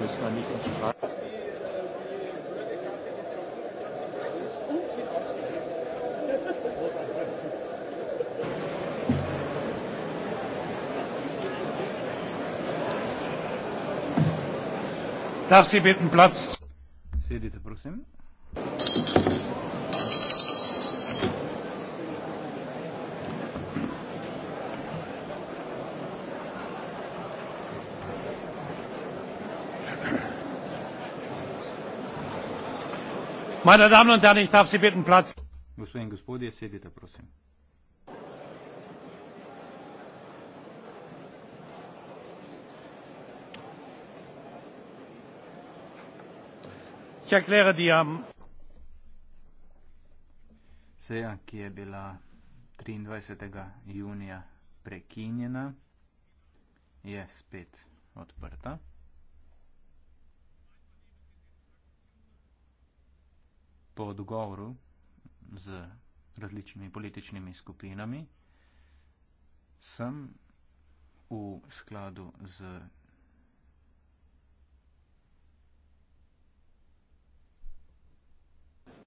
müssen wir nicht verstreiten. Darf Sie bitten Platz? Sedite, prosim. Meine Damen und Herren, ich darf Sie bitten, Platz. Gospodin, gospodje, sedite, prosim. Ich erkläre die um Seja, ki je bila 23. junija prekinjena, je spet odprta. po dogovoru z različnimi političnimi skupinami, sem v skladu z